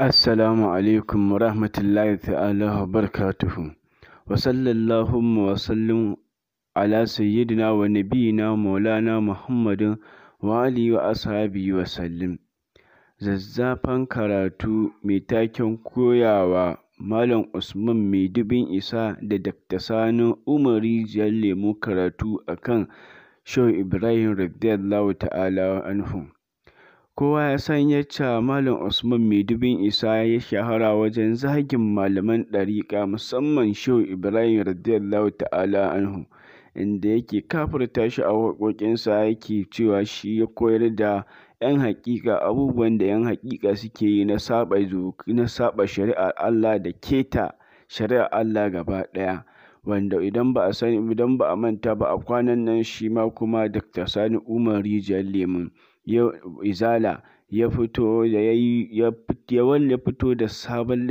Assalamu alaikum wa rahmatullahi ta'ala wa barakatuhu. Wa sallallahu wa sallim ala sayyidina wa nabiyina maulana Muhammadin wa ali wa ashabi wa sallim. Zazzafan karatu mai taken koyawa Malam Usman mai dubin isa da dakta Sani Umar Rijiyar Lemo karatu akan Shehu Ibrahim radiyallahu ta'ala anhu. Kowa ya san yacca Malam Usman Maidubin Isa ya shahara wajen zagin malaman ɗariƙa, musamman Shehu Ibrahim ta'ala anhu inda yake kafirta shi a waƙoƙinsa yake cewa shi ya koyar da ‘yan haƙiƙa abubuwan da ‘yan hakika suke yi na saɓa shari'ar Allah da keta shari'ar Allah gaba ɗaya, wanda idan ba a manta ba a kwanan nan shi ma kuma Dr. Sani Umar Rijiyar lemun. Izala ya fito da sabon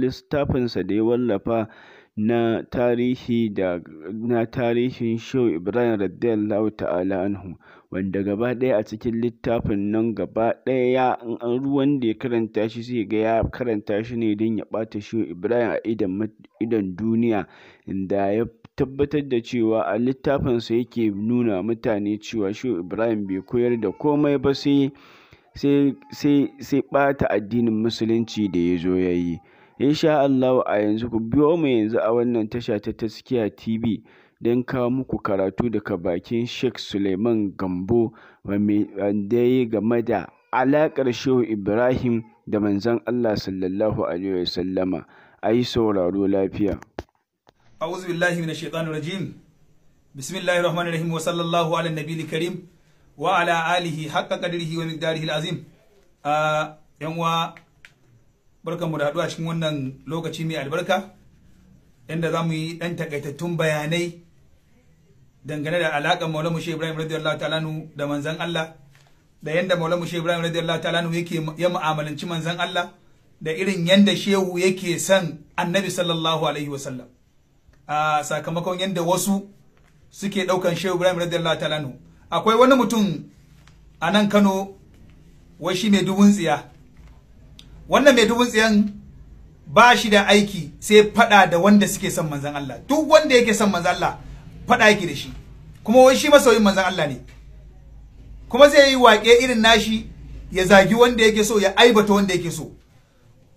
littafinsa da ya wallafa na tarihin Shehu Ibrahim ta'ala anhu wanda gaba ɗaya a cikin littafin nan gaba ɗaya an ruwan da ya karanta shi zai ga ya karanta shi ne don ya ɓata Shehu Ibrahim a idon duniya, inda ya tabbatar da cewa a littafinsa yake nuna mutane cewa shi Ibrahim bai koyar da komai ba sai sai ɓata addinin musulunci da ya zo ya yi. Insha Allahu a yanzu ku biyo mu yanzu a wannan tasha ta Taskiya TV don kawo muku karatu daga bakin Sheikh Suleiman Gambo wanda ya yi game da alaƙar Shehu Ibrahim da manzon Allah sallallahu alaihi wasallama. A yi sauraro lafiya. أعوذ بالله من الشيطان الرجيم بسم الله الرحمن الرحيم وصلى الله على النبي الكريم وعلى آله حق قدره ومقداره العظيم yan uwa barkan mu da haɗuwa cikin wannan lokaci mai albarka inda za mu yi ɗan takaitattun bayanai dangane da alaƙar maulamu shi ibrahim radiyallahu ta'ala da manzan allah da yanda maulamu shi ibrahim radiyallahu ta'ala nu yake ya mu'amalanci manzan allah da irin yanda shehu yake son annabi sallallahu alaihi wasallam a sakamakon yadda wasu suke ɗaukan shehu ibrahim radiyallahu ta'ala akwai wani mutum a nan kano wai shi mai dubun tsiya wannan mai dubun tsiyan ba shi da aiki sai faɗa da wanda suke son manzan Allah duk wanda yake son manzan Allah faɗa yake da shi kuma wai shi masoyin manzan Allah ne kuma zai yi waƙe irin nashi ya zagi wanda yake so ya aibata wanda yake so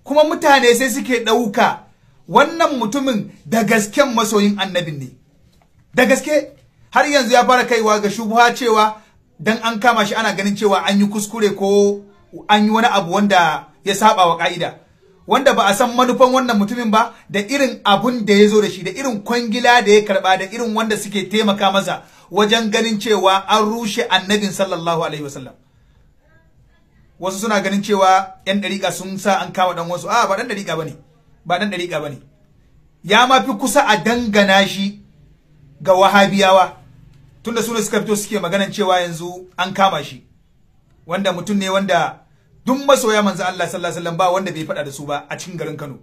kuma mutane sai suke ɗauka wannan mutumin da gaske masoyin annabin ne da gaske har yanzu ya fara kaiwa ga shubuha cewa dan an kama shi ana ganin cewa an yi kuskure ko an yi wani abu wanda ya saba wa ka'ida wanda ba a san manufan wannan mutumin ba da irin abun da ya zo da shi da irin kwangila da ya karba da irin wanda suke taimaka masa wajen ganin cewa an rushe annabin sallallahu alaihi wasallam wasu suna ganin cewa yan dariƙa sun sa an kama dan wasu a ba dan dariƙa bane ba ɗan dariƙa bane ya ma fi kusa a dangana shi ga wahabiyawa tunda su ne suka fito suke maganan cewa yanzu an kama shi wanda mutum ne wanda duk masoya manzo Allah sallallahu alaihi wasallam ba wanda bai faɗa da su ba a cikin garin Kano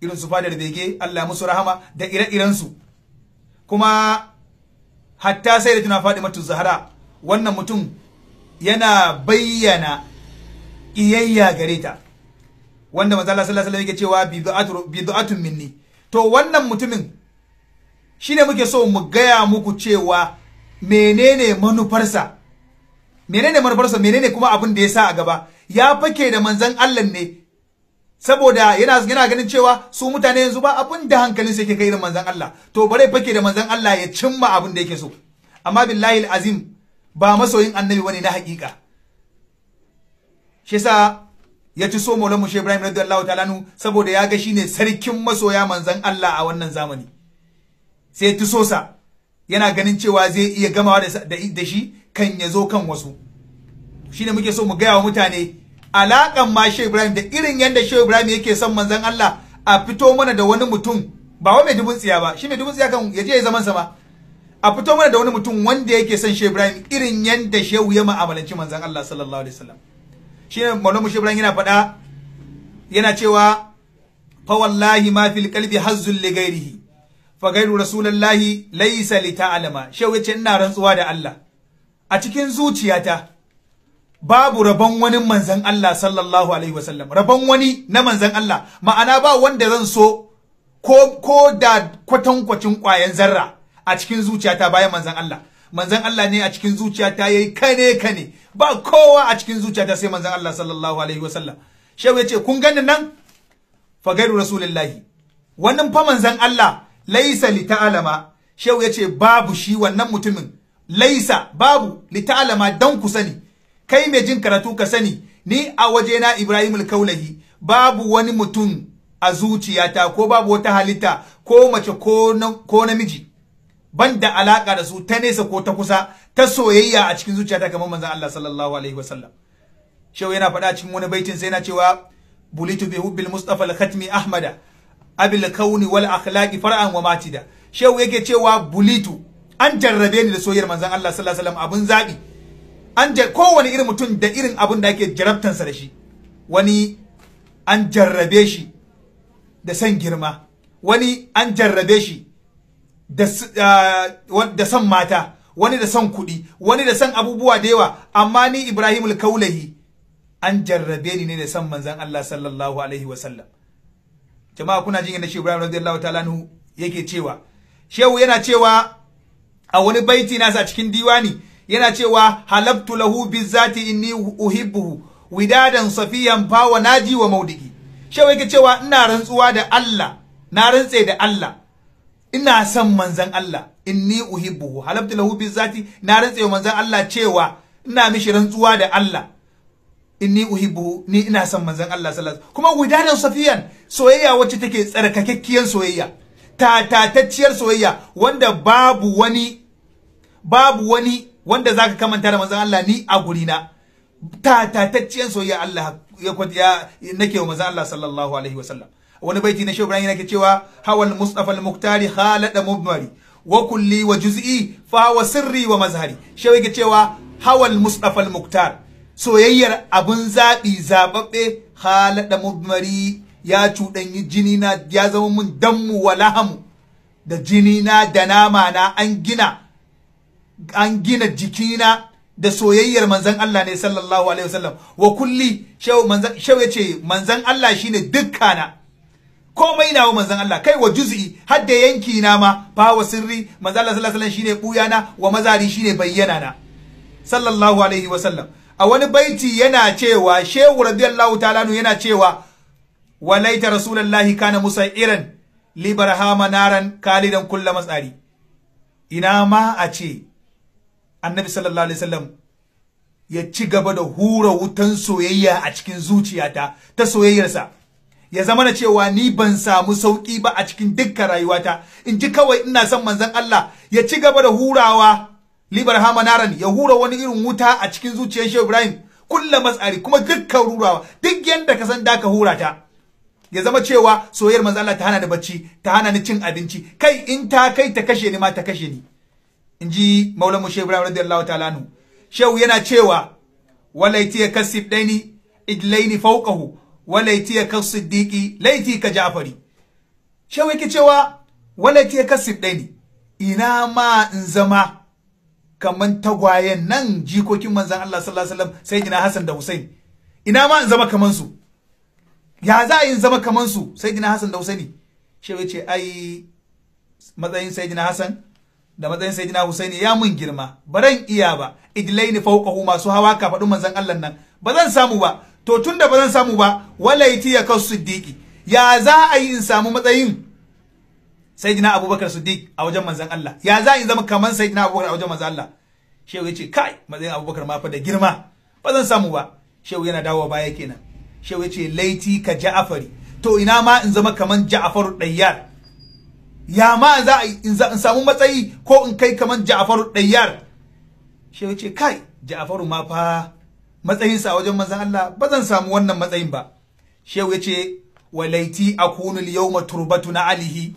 irin su fadar bege Allah musu rahama da ire-iren su kuma hatta sai da tuna matu Zahra wannan mutum yana bayyana iyayya gare ta wanda manzo sallallahu alaihi wasallam yake cewa bid'atun minni to wannan mutumin shine muke so mu gaya muku cewa menene manufarsa menene manufarsa menene kuma abin da ya sa a gaba ya fake da manzon Allah ne saboda yana yana ganin cewa su mutane yanzu ba abin da hankalin su yake kai irin manzon Allah to bare fake da manzan Allah ya cimma abin da yake so amma billahi azim ba masoyin annabi bane na hakika shi yasa ya ci so maulan mushe ibrahim radiyallahu ta'ala nu saboda ya ga shine sarkin masoya manzon Allah a wannan zamani sai ya so sa yana ganin cewa zai iya gamawa da shi kan ya zo kan wasu shine muke so mu gaya wa mutane alakan ma shehu ibrahim da irin yadda shehu ibrahim yake son manzon Allah a fito mana da wani mutum ba wa mai dubun tsiya ba shi mai dubun tsiya kan ya je ya zaman sa ba a fito mana da wani mutum wanda yake son shehu ibrahim irin yadda shehu ya ma'amalanci manzon Allah sallallahu alaihi wasallam shine Maulana Shehu Ibrahim yana faɗa yana cewa fa wallahi ma fil qalbi hazzul li ghairihi fa ghairu rasulillahi laysa li ta'lama shehu yace ina rantsuwa da Allah a cikin zuciyata babu rabon wani manzan Allah sallallahu alaihi wasallam rabon wani na manzan Allah ma'ana ba wanda zan so ko ko da kwatankwacin kwayan zarra a cikin zuciyata bayan manzan Allah Manzan Allah ne a cikin zuciyata yi kane kane ba kowa a cikin zuciyata sai manzan Allah sallallahu alaihi wasallam shehu yace kun gani nan fa gairu rasulillahi wannan fa manzan Allah laisa li ta'alama shehu yace babu shi wannan mutumin laisa babu li ta'alama dan ku sani kai mai jin karatu ka sani ni a wajena Ibrahimul Kaulahi babu wani mutum a zuciyata ko babu wata halitta ko mace ko namiji ban da alaka da su ta nesa ko ta kusa ta soyayya a cikin zuciyata kamar manzon Allah sallallahu alaihi wasallam shehu yana faɗa cikin wani baitin sai yana cewa bulitu bi hubbil mustafa al-khatmi ahmada abil kauni wal akhlaqi far'an wa matida shehu yake cewa bulitu an jarrabe ni da soyayyar manzon Allah sallallahu alaihi wasallam abun zabi an jar kowane irin mutum da irin abun da ake jarabtansa da shi wani an jarrabe shi da san girma wani an jarrabe shi da son ah, mata wani da son kuɗi wani da son abubuwa da yawa amma ni Ibrahim al-Kaulahi an jarrabe ni ne da son manzon Allah sallallahu alaihi wasallam jama'a kuna jin yadda shi Ibrahim radiyallahu ta'ala anhu yake cewa shehu yana cewa a wani baiti nasa cikin diwani yana cewa halabtu lahu bizati inni uhibbuhu widadan safiyan fa wa naji wa maudigi shehu yake cewa ina rantsuwa da Allah na rantse da Allah ina son manzan Allah inni uhibbuhu halabtu lahu bi zati na rantse wa manzan Allah cewa ina mishi rantsuwa da Allah inni uhibbuhu ni ina son manzan Allah sallallahu alaihi kuma gudanar safiyan soyayya wacce take tsarkakakkiyar soyayya tatatacciyar soyayya wanda babu wani babu wani wanda zaka kamanta da manzan Allah ni a ta tatatacciyar soyayya Allah ya nake wa manzan Allah sallallahu alaihi wasallam wani baiti na Shehu Ibrahim ke cewa hawal Mustapha al-Muktari khalada mubmari wa kulli wa juz'i fa hawa sirri wa mazhari Shehu yake cewa hawal Mustapha al-Muktar soyayyar abun zabi zababbe khalada mubmari ya cudanyi jini na ya zama mun dammu wa lahamu da jini na da nama na an gina an gina jikina da soyayyar Manzon Allah ne sallallahu alaihi wasallam wa kulli shehu manzan shehu yace Manzon Allah shine dukkana komai nawa manzon Allah kai wa juz'i har da yanki na ma fa wa sirri manzon Allah sallallahu alaihi shine buya na wa mazari shine bayyana na sallallahu alaihi wasallam a wani baiti yana cewa shehu radiyallahu ta'ala yana cewa walaita rasulullahi kana musairan li barhama naran kalidan kullu masari ina ma a ce annabi sallallahu alaihi wasallam ya ci gaba da hura wutan soyayya a cikin zuciyata ta soyayyarsa ya zama na cewa ni ban samu sauki ba a cikin dukkan rayuwata in ji kawai ina son manzon Allah ya ci gaba da hurawa na naran ya hura wani irin wuta a cikin zuciyar Shehu Ibrahim kullum matsari kuma dukkan rurawa duk yanda ka san da ka hura ta ya zama cewa soyayyar manzon Allah ta hana da bacci ta hana ni cin abinci kai in ta kai ta kashe ni ma ta kashe ni in ji maulamu Shehu Ibrahim radiyallahu ta'ala anhu Shehu yana cewa walaiti ya kasib daini idlaini fawqahu wa ya ka siddiqi laiti ka ja'fari shawai ke cewa wa ya ka siddaini ina ma in zama kaman tagwayen nan jikokin manzan Allah sallallahu alaihi wasallam sai jina Hassan da Hussein ina ma in zama kaman su ya za a yi zama kaman su sai jina Hassan da Hussein shawai ce ai matsayin sai jina Hassan da matsayin sai gina Hussein ya mun girma baran iya ba idlaini fawqahu masu hawa ka faɗin manzan Allah nan ba zan samu ba to tunda ba zan samu ba walaiti ya kasu siddiqi ya za a yi in samu matsayin sayyidina abubakar siddiq a wajen manzon Allah ya za a yi zama kaman sayyidina abubakar a wajen manzon Allah shehu ya ce kai matsayin abubakar ma fa da girma ba zan samu ba shehu yana dawo baya kenan shehu ya ce laiti ka ja'afari to ina ma in zama kaman ja'afaru dayyar ya ma za a in samu matsayi ko in kai kaman ja'afaru dayyar shehu ya ce kai ja'afaru ma fa matsayinsa a wajen manzan Allah ba zan samu wannan matsayin ba shehu yace walaiti akunu al-yawma turbatuna alihi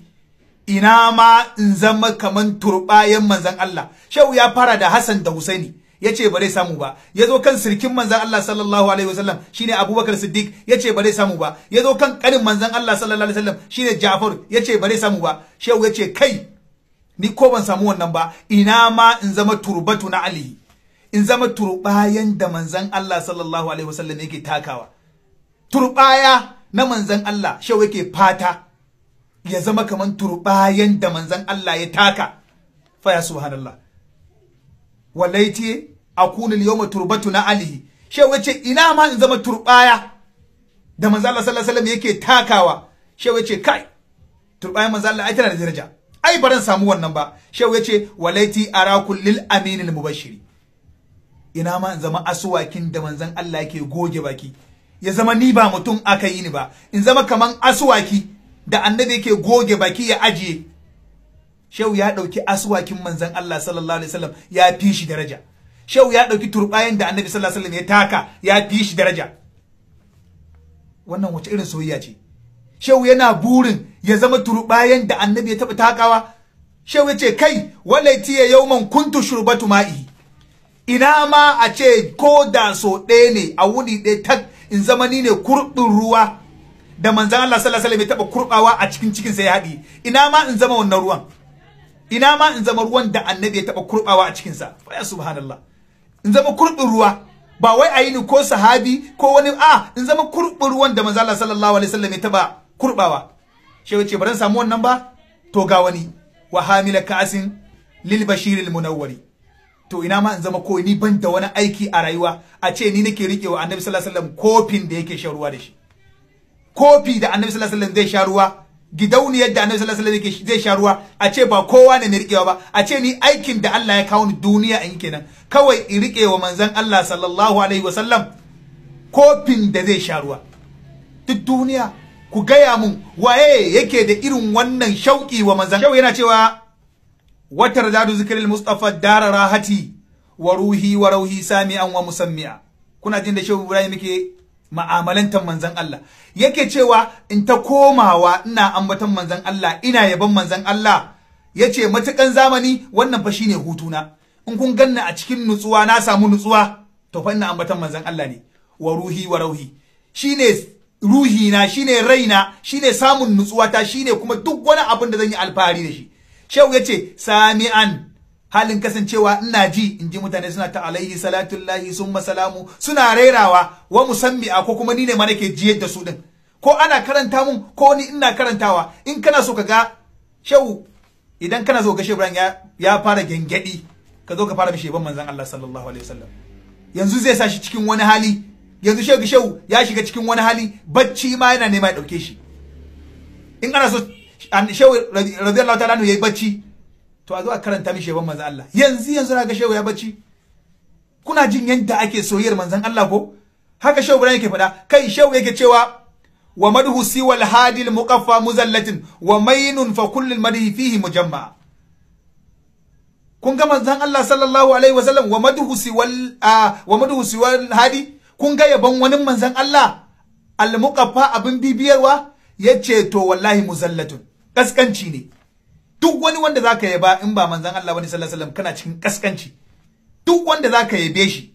ina ma in zama kaman turbayan manzon Allah shehu ya fara da Hassan da Husaini yace ba zai samu ba yazo kan sirkin manzon Allah sallallahu alaihi wasallam shine Abubakar Siddiq yace ba zai samu ba yazo kan kanin manzon Allah sallallahu alaihi wasallam shine Ja'far yace ba zai samu ba shehu yace kai ni ko ban samu wannan ba ina ma in zama turbatu na in zama turbayan da manzan Allah sallallahu alaihi wasallam yake takawa turbaya na manzan Allah shawai yake fata ya zama kaman turbayan da manzan Allah ya taka fa ya ce a kunin yau yawma na alihi shawai ce ina ma in zama turbaya da manzan Allah sallallahu alaihi wasallam yake takawa shawai ce kai turbayan manzan Allah ai tana da daraja ai baran samu wannan ba shawai yace walaiti ara kullil aminil mubashiri ina ma in zama asuwakin da manzan Allah yake goge baki ya zama ni ba mutum aka yi ni ba in zama kaman asuwaki da annabi yake goge baki ya ajiye shehu ya dauki asuwakin manzan Allah sallallahu alaihi wasallam ya fi shi daraja shehu ya dauki turbayan da annabi sallallahu alaihi wasallam ya taka ya fi shi daraja wannan wace irin soyayya ce shehu yana burin ya zama turbayan da annabi ya taba takawa shehu ya ce kai walaiti ya yauman kuntu shurbatu ma'i ina ma a ce ko da so ɗaya ne a wuni ɗaya tak in zama ni ne kurɓin ruwa da manzan Allah sallallahu alaihi wasallam ya taɓa kurɓawa a cikin cikin sai haɗi ina ma in zama wannan ruwan ina ma in zama ruwan da annabi ya taɓa kurɓawa a cikinsa ya subhanallah in zama kurɓin ruwa ba wai a yi ni ko sahabi ko wani a in zama kurɓin ruwan da manzan Allah sallallahu alaihi wasallam ya taɓa kurɓawa shi ya ce ba zan samu wannan ba to ga wani wa hamila ka'asin lil bashiril munawwari to ina ma in zama ko ni ban da wani aiki a rayuwa a ce ni nake rike wa annabi sallallahu alaihi wasallam kofin da yake sharuwa ruwa da shi kofi da annabi sallallahu alaihi wasallam zai sha ruwa gidauniyar da annabi sallallahu alaihi wasallam zai sha ruwa a ce ba kowa ne ni wa ba a ce ni aikin da Allah ya kawo ni duniya in kenan kawai in rike wa manzon Allah sallallahu alaihi wasallam kofin da zai sha ruwa duk duniya ku gaya mun waye yake da irin wannan shauki wa manzon shau yana cewa watar dadu zikirin mustafa dara rahati wa ruhi wa rauhi an wa musamman kuna jin da shehu ibrahim yake ma'amalantar manzon Allah yake cewa in ta komawa ina ambatan manzon Allah ina yaban manzan Allah yace matukan zamani wannan fa ne hutuna in kun ganna a cikin nutsuwa na samu nutsuwa to fa ina ambatan manzon Allah ne wa ruhi wa rauhi shine ruhi na shine raina shine samun nutsuwa ta ne kuma duk wani abin da zan yi alfahari da shi shehu ce sami'an halin kasancewa ina ji in ji mutane suna ta alaihi salatullahi sun salamu suna rairawa wa a ko kuma ni ne ma nake jiyar da su din ko ana karanta mun ko ni ina karantawa in kana so ka ga shehu idan kana so ga shehu ran ya fara gengedi ka zo ka fara mishi ban manzon Allah sallallahu alaihi wasallam yanzu zai sa shi cikin wani hali yanzu shehu shehu ya shiga cikin wani hali bacci ma yana nema ya dauke shi in ana so shehu radiyallahu ta'ala ya yi bacci to a zo a karanta mishi yaban manzan Allah yanzu yanzu na ga shehu ya bacci kuna jin yadda ake soyayyar manzan Allah ko haka shehu Ibrahim yake faɗa kai shehu yake cewa wa madhu siwal hadil muqaffa muzallatin wa mainun fa kullul madhi fihi mujamma kun ga manzan Allah sallallahu alaihi wa sallam wa madhu siwal wa madhu siwal hadi kun ga yabon wani manzan Allah al muqaffa abin bibiyarwa yace to wallahi muzallatun kaskanci ne duk wani wanda zaka yaba in ba manzon Allah bane sallallahu alaihi wasallam kana cikin kaskanci duk wanda zaka yabe shi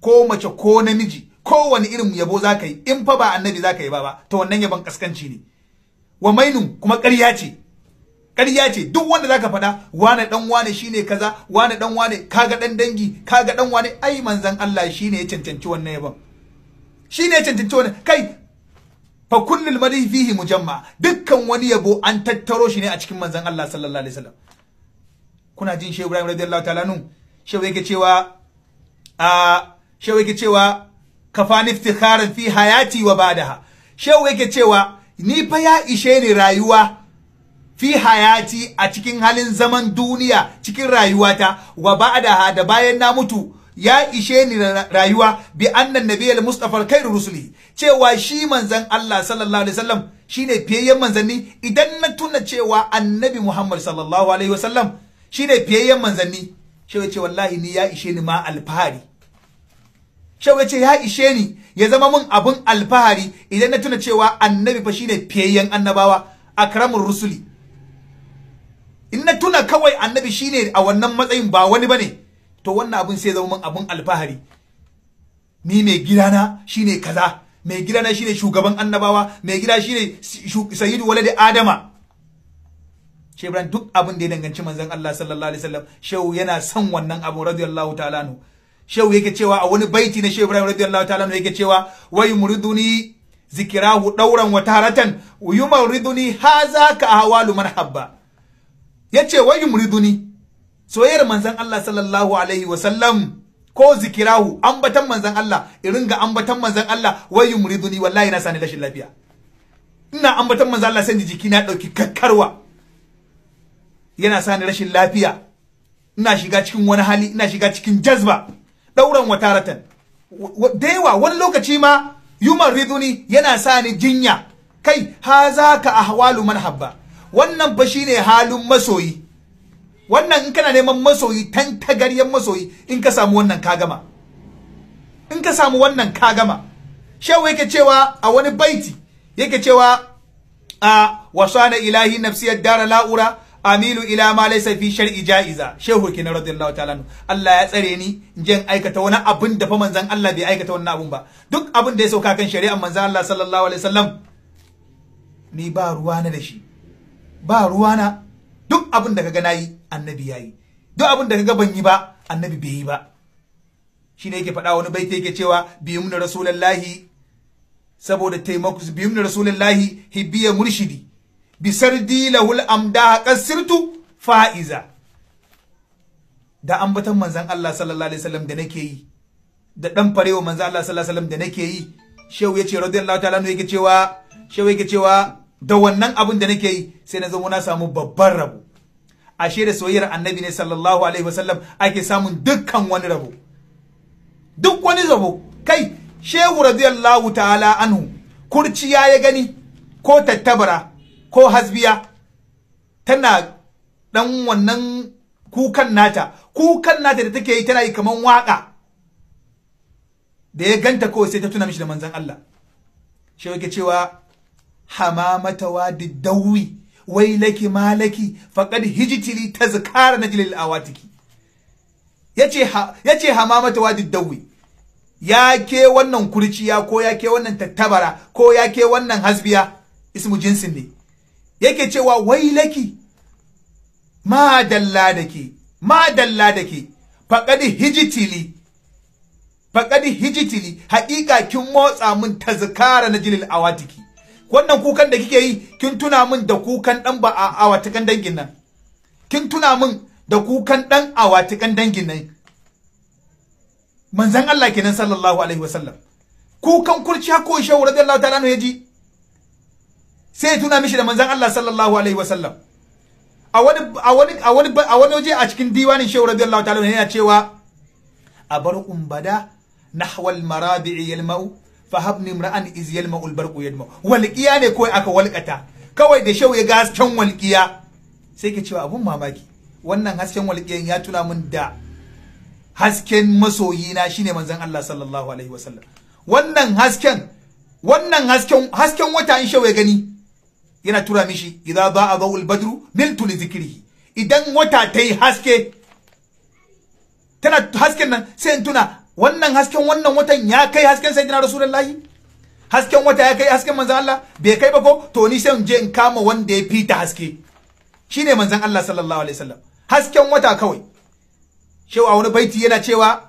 ko mace ko namiji ko wani irin yabo zaka yi in fa ba annabi zaka yaba ba to wannan yaban kaskanci ne wa mainun kuma ƙarya ce ƙarya ce duk wanda zaka faɗa wane dan wane shine kaza wane dan wane kaga dan dangi kaga dan wane ai manzon Allah shine ya cancanci wannan yabon shine ya cancanci wannan kai fa kullul madhi fihi mujamma dukkan wani yabo an tattaro shi ne a cikin manzon Allah sallallahu alaihi wasallam kuna jin Shehu Ibrahim radiyallahu ta'ala nun Shehu yake cewa a Shehu yake cewa kafani iftikharan fi hayati wa ba'daha Shehu yake cewa ni fa ya ishe ni rayuwa fi hayati a cikin halin zaman duniya cikin rayuwata wa ba'daha da bayan na mutu ya ishe ni rayuwa bi annan nabiyal mustafa khairu rusuli cewa shi manzan Allah sallallahu alaihi wasallam shine fiyayyen manzanni idan na tuna cewa annabi Muhammad sallallahu alaihi wasallam shine fiyayyen manzanni shewa ce wallahi ni ya ishe ni ma alfahari shewa ce ya ishe ni ya zama mun abun alfahari idan na tuna cewa annabi fa shine fiyayyen annabawa akramur rusuli in na tuna kawai annabi shine a wannan matsayin ba wani bane to wannan abin sai zama min abin alfahari ni mai gidana shine kaza mai gidana shine shugaban annabawa mai gida shine sayyidu waladi adama shi duk abin da ya danganci manzon Allah sallallahu alaihi wasallam shehu yana son wannan abu radiyallahu ta'ala anhu shehu yake cewa a wani baiti na shehu ibrahim radiyallahu ta'ala anhu yake cewa wai muriduni zikirahu dauran wa taratan yumariduni haza ka ahwalu marhabba yace wai muriduni soyayyar manzan Allah sallallahu alaihi wa ko zikirahu ambatan manzan Allah irin ga ambatan manzan Allah wai yumriduni wallahi na sani rashin lafiya ina ambatan manzan Allah sai jiki na ɗauki kakkarwa yana sani rashin lafiya ina shiga cikin wani hali ina shiga cikin jazba dauran wataratan da yawa wani lokaci ma yumar riduni yana sani jinya kai ha za ka ahwalu man habba wannan ba shine halin masoyi wannan in kana neman masoyi tan tagaryen masoyi in ka samu wannan ka gama in ka samu wannan ka gama shehu yake cewa a wani baiti yake cewa a wasana ilahi nafsiyar dara la'ura amilu ila ma laysa fi shar'i ja'iza shehu kina radiyallahu ta'ala Allah ya tsare ni in je aikata wani abin da fa manzon Allah bai aikata wannan abun ba duk abin da ya sauka kan shari'ar manzon Allah sallallahu alaihi wasallam ni ba ruwana da shi ba ruwana duk abin da kaga nayi annabi yayi duk abin da kaga ban yi ba annabi bai yi ba shine yake faɗa wani baiti yake cewa biyumna rasulullahi saboda taimako biyumna rasulullahi hibbiya murshidi bisardi lahul amda qasirtu fa'iza da ambatan manzan Allah sallallahu alaihi wasallam da nake yi da dan farewa manzan Allah sallallahu alaihi wasallam da nake yi shehu yace radiyallahu ta'ala yake cewa shehu yake cewa da wannan abin da nake yi sai na zama na samu babban rabo ashe da soyayyar annabi ne sallallahu alaihi wasallam ake samun dukkan wani rabo duk wani rabo kai shehu radiyallahu ta'ala anhu kurciya ya gani ko tattabara ko hasbiya tana dan wannan kukan nata kukan nata da take yi tana yi kaman waka da ya ganta ko sai ta tuna mishi da manzon Allah shehu yake cewa hamamata da dawi wai laki malaki faqad hijitili tazkara najlil awatiki yace ce yace hamamata wadi dawi ya ke wannan kurciya ko ya ke wannan tattabara ko ya ke wannan hasbiya ismu jinsin ne yake cewa wai laki ma dalla dake ma dalla dake faqad hijitili faƙadi hijitili haƙiƙa kin motsa min tazkara na jilil awatiki wannan kukan da kike yi kin tuna min da kukan dan ba a awatikan dangin nan kin tuna min da kukan dan awatikan dangin nan manzan Allah kenan sallallahu alaihi wasallam kukan kurciya ko shehu radiyallahu ta'ala no yaji sai ya tuna mishi da manzan Allah sallallahu alaihi wasallam a wani a wani a wani a wani waje a cikin diwanin shehu radiyallahu ta'ala yana cewa abar umbada nahwal marabi'i yalmau fa habni imra'an iz yalma ul barqu yadma walqiya ne kawai aka walkata kawai da shau ya ga hasken walqiya sai ke cewa abun mamaki wannan hasken walqiyan ya tuna mun da hasken masoyina shine manzon Allah sallallahu alaihi wasallam wannan hasken wannan hasken hasken wata in shau ya gani yana tura mishi idza ba'a dawul badru miltu li zikrihi idan wata ta yi haske tana hasken nan sai in tuna wannan hasken wannan watan ya kai hasken sayyidina rasulullahi hasken wata ya kai hasken manzon Allah bai kai ba ko to ni sai in je in kama wanda ya fita haske shine manzon Allah sallallahu alaihi wasallam hasken wata kawai shewa wani baiti yana cewa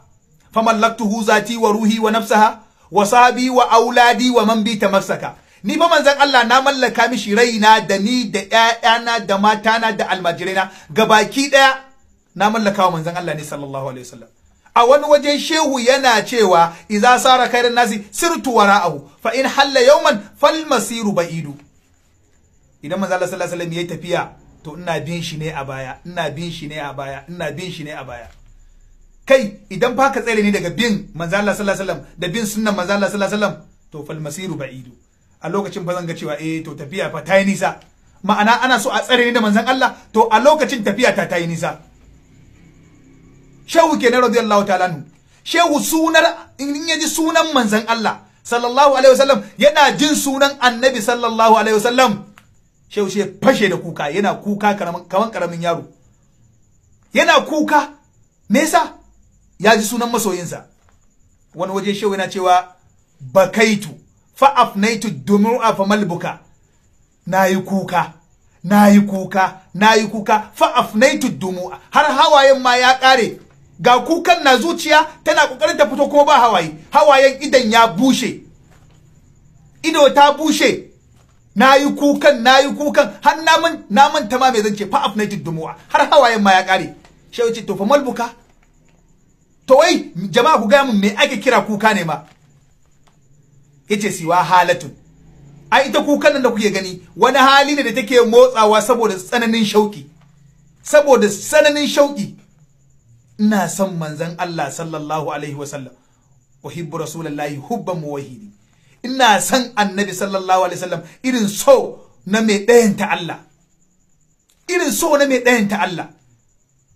famallaktuhu zati wa ruhi wa nafsaha wa sabi wa auladi wa man bi tamassaka ni fa manzon Allah na mallaka mishi raina da ni da ƴaƴana da matana da almajiraina gabaki daya na mallaka wa manzon Allah ne sallallahu alaihi wasallam a wani waje shehu yana cewa "Iza sara khairan nasi sirtu wara'ahu fa in halla yawman fal masiru ba'idu idan manzo Allah sallallahu alaihi wasallam yayi tafiya to ina bin shi ne a baya ina bin shi ne a baya ina bin shi ne a baya kai idan fa ka tsare ni daga bin manzo Allah sallallahu alaihi wasallam da bin sunnan manzo Allah sallallahu alaihi wasallam to fal masiru ba'idu a lokacin fa zan ga cewa eh to tafiya fa ta yi nisa ma'ana ana so a tsare ni da manzon Allah to a lokacin tafiya ta ta yi nisa shehu kenan radiyallahu ta'ala anhu shehu sunar in yaji sunan manzon Allah sallallahu alaihi wasallam yana jin sunan annabi sallallahu alaihi wasallam shehu she fashe da kuka yana kuka kaman karamin yaro yana kuka me yasa ya ji sunan masoyinsa wani waje shehu yana cewa bakaitu fa afnaitu dumu'a fa malbuka nayi kuka nayi kuka nayi kuka fa afnaitu dumu'a har hawayen ma ya kare ga kukan na zuciya tana kokarin ta fito kuma ba hawaye hawayen idan ya bushe ido ta bushe na yi kukan na yi kukan har namun namun ta ma mai zance fa afnaitid dumuwa har hawayen ma ya kare shi ce to fa malbuka to wai jama'a ku gaya min me ake kira kuka ne ma yace siwa halatun ai ita kukan nan da kuke gani wani hali ne da take motsawa saboda tsananin shauki saboda tsananin shauki ina son manzan Allah sallallahu alaihi wasallam uhibbu rasulullahi hubban muwahidi ina son annabi sallallahu alaihi wasallam irin so na mai ɗayan ta Allah irin so na mai ɗayan ta Allah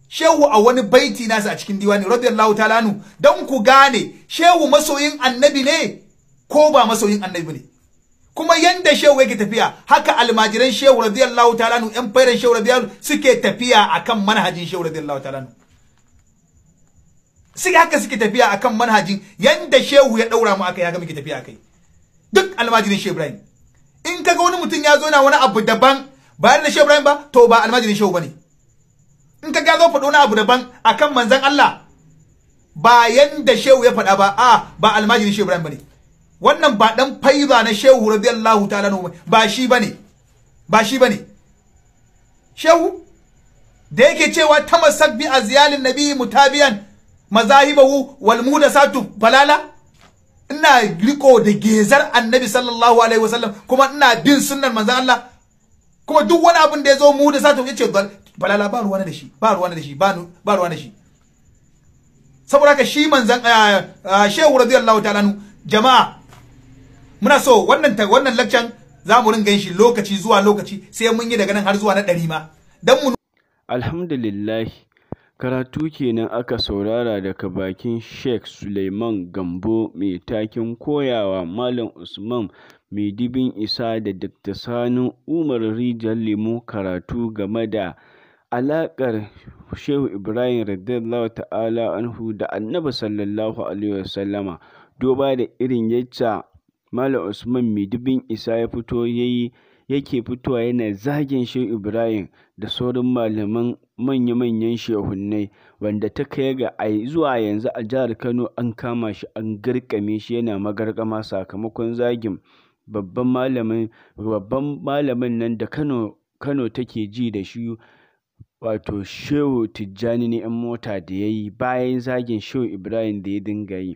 shehu a wani baiti nasa a cikin diwani radiyallahu ta'ala anu dan ku gane shehu masoyin annabi ne ko ba masoyin annabi ne kuma yanda shehu yake tafiya haka almajiran shehu radiyallahu ta'ala anu yan fairan shehu radiyallahu suke tafiya akan manhajin shehu radiyallahu ta'ala anu sai haka suke tafiya akan manhajin yanda shehu ya daura mu akai haka muke tafiya akai duk almajirin shehu ibrahim in kaga wani mutum ya zo na wani abu daban ba da shehu ibrahim ba to ba almajirin shehu bane in kaga zo faɗo wani abu daban akan manzon Allah ba yanda shehu ya faɗa ba a ba almajirin shehu ibrahim bane wannan ba dan faiza na shehu radiyallahu ta'ala ba shi bane ba shi bane shehu da yake cewa tamassak bi azyalin nabi mutabiyan mazahibahu wal muhdathatu balala ina riko da gezar annabi sallallahu alaihi wasallam kuma ina bin sunnan manzo Allah kuma duk wani abin da ya zo mu da yace balala ba ruwana da shi ba ruwana da shi ba ba ruwana da shi saboda haka shi manzan eh, eh, shehu radiyallahu ta'ala jama'a muna so wannan wannan lakcan za mu ringa shi lokaci zuwa lokaci sai mun yi daga nan har zuwa na ɗari ma dan mu alhamdulillah Karatu kenan aka saurara daga bakin Sheikh Suleiman Gambo mai takin koyawa wa Malam Usman Mai dibin Isa da Dr. Sani Umar Rijal Lemo karatu game da alaƙar Shehu Ibrahim (R.A) da Annabi (S.A.W), duba da irin yacca Malam Usman Mai dibin Isa ya fito yake fitowa yana zagin Shehu Ibrahim da sauran malaman manya-manyan shehunnai wanda ta kai ga a zuwa yanzu a jihar Kano an kama shi an garkame shi yana magargama sakamakon zagin babban malamin nan da Kano take ji da shi wato Shehu Tijjani ne ‘yan mota da ya yi bayan zagin Shehu Ibrahim da ya dinga yi,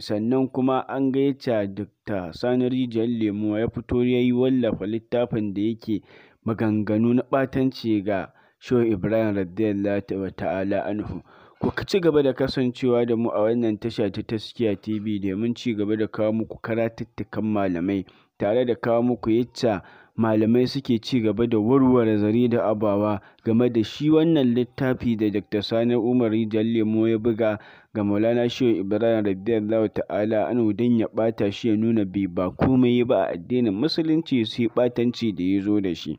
sannan kuma an gaita dukta Sani Rijiyar lemuwa ya fito ya yi wallafa littafin da yake maganganu na ɓatanci ga Shehu Ibrahim radiyallahu ta'ala anhu. Ku ci gaba da kasancewa da mu a wannan tasha ta Taskiya TV domin ci gaba da kawo muku karatuttukan malamai tare da kawo muku yacca malamai suke ci gaba da warware zari da abawa game da shi wannan littafi da Dr. Sani Umar mu ya buga ga Maulana Shehu Ibrahim radiyallahu ta'ala anhu dan ya bata shi ya nuna bi ba komai ba a addinin musulunci sai batanci da yazo da shi.